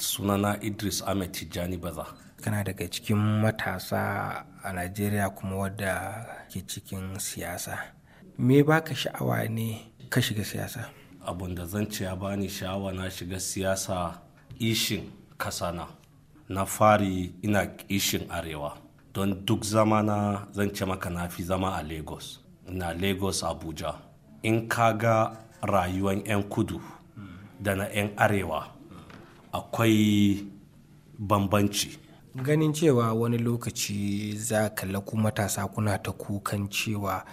sunana idris ahmed tijjani baza kana daga cikin matasa a najeriya kuma wadda ke cikin siyasa me baka sha'awa ne ka shiga siyasa abun da zan ce ya bani sha'awa na shiga siyasa ishin kasana na fari ina ishin arewa don duk zama na zan ce maka na fi zama a lagos na lagos abuja in ka ga rayuwan 'yan kudu da na 'yan arewa akwai bambanci ganin cewa wani lokaci za kalla ku matasa kuna ta kukan cewa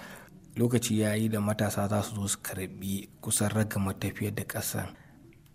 lokaci ya yi da matasa za su zo su karbi kusan raga matafiya da ƙasa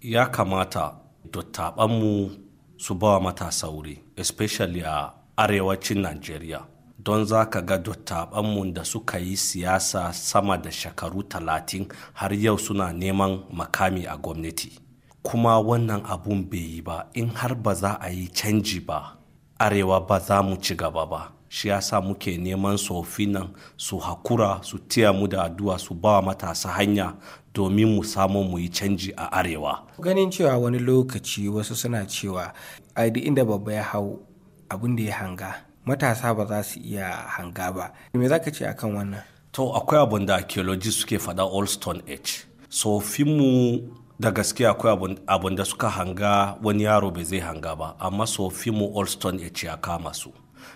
ya kamata dattaɓanmu su bawa matasa wuri especially a arewacin najeriya don za ka ga dattaɓanmu da suka yi siyasa sama da shekaru talatin har yau suna neman makami a gwamnati kuma wannan abun bai yi ba in har ba za a yi canji ba arewa ba za mu ci gaba ba shi ya sa muke neman tsofi nan su hakura su tiya mu da addu'a su ba matasa hanya domin mu samu mu yi canji a arewa ganin cewa wani lokaci wasu suna cewa a duk inda babba ya hau abin da ya hanga matasa ba za su iya hanga ba me za ka ce akan wannan to akwai abin da archaeology suke faɗa allstone age tsofinmu da gaskiya akwai abin da suka hanga wani yaro bai zai hanga ba amma sofimu allston ya ce ya kama su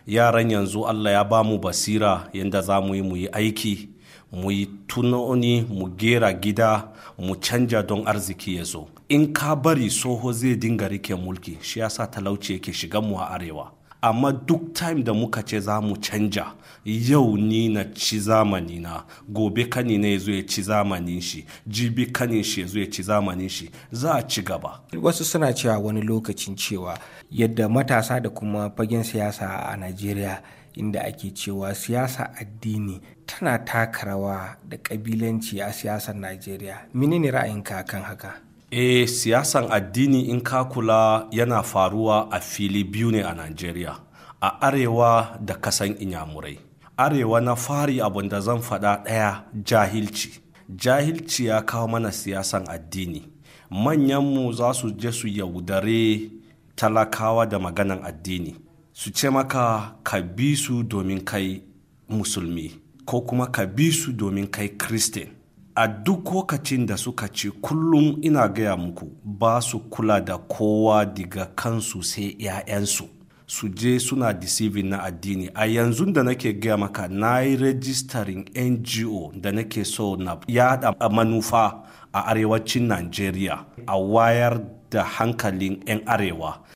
yaran yanzu allah ya ba mu basira yadda za mu yi mu yi aiki mu yi tunani mu gera gida mu canja don arziki ya zo in ka bari soho zai dinga rike mulki shi yasa talauci yake shigan mu a arewa amma duk time da muka ce za mu canja yau ni na ci zamani na gobe kani ne ya zo ya ci zamanin shi jibi kanin shi ya zo ya ci zamanin shi za a ci gaba wasu suna cewa wani lokacin cewa yadda matasa da kuma fagen siyasa a najeriya inda ake cewa siyasa addini tana taka rawa da kabilanci a siyasar najeriya menene ra'ayinka kan haka E siyasan addini in ka kula yana faruwa a fili biyu ne a najeriya a arewa da kasan inyamurai arewa na fari abin da zan faɗa ɗaya jahilci jahilci ya kawo mana siyasan addini manyanmu za su je su yaudare talakawa da maganan addini su ce maka ka bi su domin kai musulmi ko kuma ka bi su domin kai kristin a duk lokacin da suka ce kullum ina gaya muku ba su kula da kowa daga kansu sai 'ya'yansu su je suna deceiving na addini a yanzu da nake gaya maka na yi registering ngo da nake so na yada manufa a arewacin Najeriya. a wayar da hankalin 'yan arewa